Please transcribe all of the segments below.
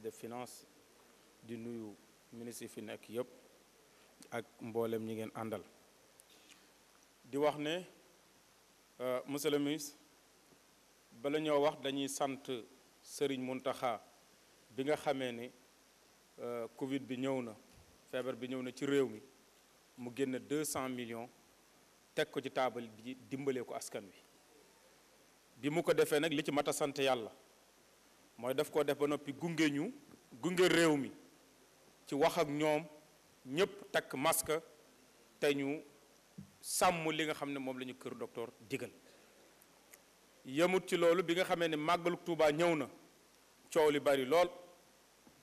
ministre des finances du nouveau ministre et Finances qui ak de ñi di wax euh, monsieur le ministre bala ñoo wax dañuy Serigne bi nga euh, Covid bi ñëw na bi 200 millions teg ko ci table bi dimbalee ko askan wi bi mu ko mooy daf ko def ba noppi gungee ñu gunge réew mi ci wax ak ñoom ñëpp takk masque te ñu sàmm li nga xam ne moom la ñu kër docteur digal yemut ci loolu bi nga xamee ne màggalu Tuubaa ñëw na coow li bari lool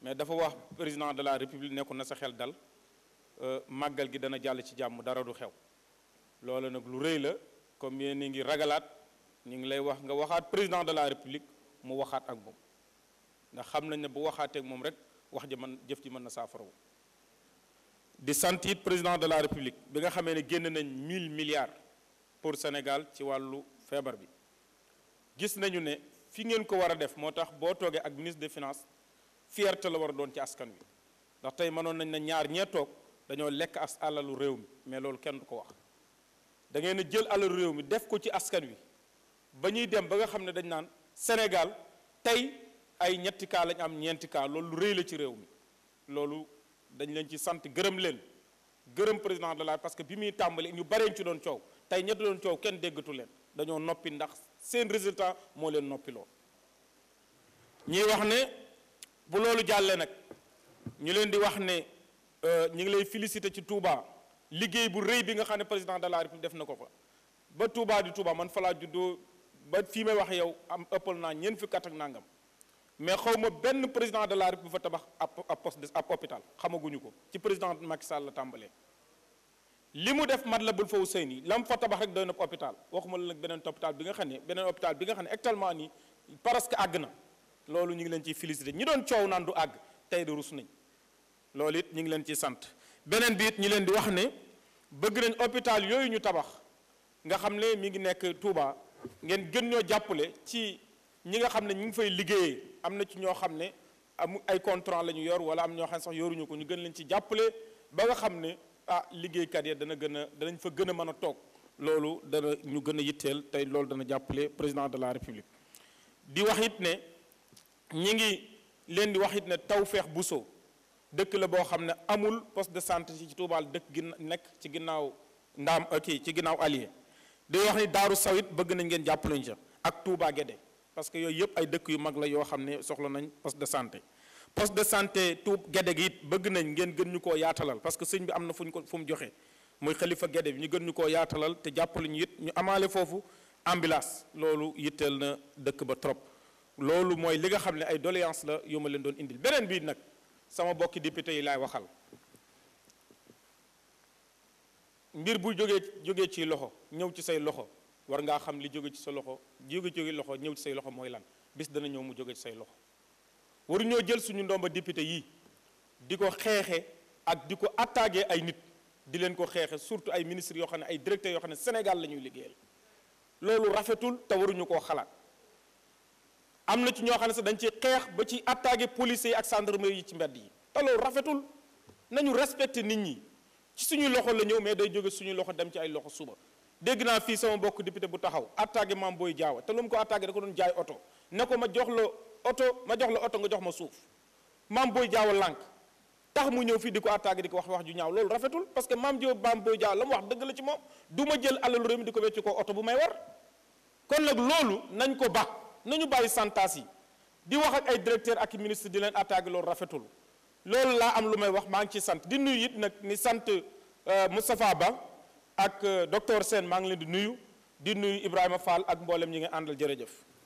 mais dafa wax président de la république nekku na sa xel dal euh, màggal gi dana jàll ci jàmm dara du xew loolu nag lu rëy la comme yéen ngi ragalaat ñu ngi lay wax nga waxaat président de la république mu waxaat ak moom ndax xam nañ ne bu waxaateeg moom rek wax ji mën jëf ji mën na saafarawu di sant it président de la république bi nga xamee ne génn nañ 1000 milliards pour Sénégal ci wàllu feebar bi gis nañu ne fi ngeen ko war a def moo tax boo toogee ak ministre des finances fierté la war a doon ci askan wi ndax tey mënoon nañ ne ñaar ñee toog dañoo lekk as alalu réew mi mais loolu kenn du ko wax da ngeen a jël alalu réew mi def ko ci askan wi ba ñuy dem ba nga xam ne dañ naan Sénégal tey ay ñetti cas lañu am ñeenti kaa loolu lu rëy la ci réew mi loolu dañu leen ci sant gërëm leen gërëm président de la parce que bi muy tàmbali ñu bareen ci doon coow tey ñetti doon coow kenn déggatu leen dañoo noppi ndax seen résultat moo leen noppi lool ñuy wax ne bu loolu jàllee nag ñu leen di wax ne euh, ñu ngi lay féliciter ci Touba liggéey bu rëy bi nga xam ne président de la def na ko fa ba Touba di Touba man fa laa juddoo ba fii may wax yow am ëppal naa ñeent ak nangam mais xaw ma benn président de la République bu fa tabax ab ab de ab hôpital xamaguñu ko ci président Macky Sall la tàmbalee li mu def Matlaboul Fawzayni la mu fa tabax rek doy na hôpital waxuma la nag beneen hôpital bi nga xam ne beneen hôpital bi nga xam ne actuellement nii parce que àgg na loolu ñu ngi leen ciy félicité ñi doon coow naan du àgg tey de rus nañ loolu it ñu ngi leen ci sant beneen bi it ñi leen di wax ne bëgg nañ hôpital yooyu ñu tabax nga xam ne mi ngi nekk Touba ngeen gën ñoo jàppale ci. ñi nga xam ne ñu ngi fay liggéeyee am na ci ñoo xam ne amu ay contrat la ñu yor wala am ñoo xam ne sax yoruñu ko ñu gën leen ci jàppale ba nga xam ne ah liggéeykat ya dana gën a danañ fa gën a mën a toog loolu dana ñu gën a yitteel tey loolu dana jàppale président de la république di wax it ne ñi ngi leen di wax it ne bu Bousso dëkk la boo xam ne amul poste de santé ci Tuubaal dëkk gi nekk ci ginnaaw ndaam euh, kii ci ginnaaw allié di wax ni Daaru Sawit bëgg nañ ngeen jàppale ñu ca ak parce que yooyu yëpp ay dëkk yu mag la yoo xam ne soxla nañ poste de santé poste de santé tuub gede gi it bëgg nañ ngeen gën ñu koo yaatalal parce que sëñ bi am na fu ñu ko fu mu joxe muy xalifa gede bi ñu gën ñu koo yaatalal te jàppale ñu it ñu amaale foofu ambulance loolu yitteel na dëkk ba trop loolu mooy li nga xam ne ay doléance la yu ma leen doon indil beneen bii nag sama bokki député yi laay waxal mbir bu jógee jógee ci loxo ñëw ci say loxo war ngaa xam li jóge ci sa loxo jóge jóge loxo ñëw ci say loxo mooy lan bis dana ñëw mu jóge ci say loxo waruñoo jël suñu ndomba député yi di ko xeexe ak di ko attaqué ay nit di leen ko xeexe surtout ay ministres yoo xam ne ay directeurs yoo xam ne Sénégal la ñuy liggéeyal loolu rafetul te waruñu koo xalaat am na ci ñoo xam ne sax dañ ci xeex ba ci attaqué policiers yi ak gendarmerie yi ci mbedd yi te loolu rafetul nañu respecté nit ñi ci suñu loxo la ñëw mais day jóge suñu loxo dem ci ay loxo suba dégg naa fii sama mbokk député bu taxaw attaqué maam booy jaawa te lu mu ko attaqué da ko doon jaay oto ne ko ma jox la oto ma jox la oto nga jox ma suuf maam booy jaawa lank tax mu ñëw fii di ko attaqué di ko wax wax ju ñaaw loolu rafetul parce que maam jo maam booy jaawa la mu wax dëgg la ci moom du ma jël alalu réew mi di ko wecc ko oto bu may war kon nag loolu nañ ko ba nañu bàyyi santaas yi di wax ak ay directeur ak ministre di leen attaqué loolu rafetul loolu laa am lu may wax maa ngi ci sant di it nag ni sant euh, Moustapha Ba ak euh, docteur seen maa ngi leen di nuyu di nuyu Ibrahima Fall ak mboolem ñi nga àndal jërëjëf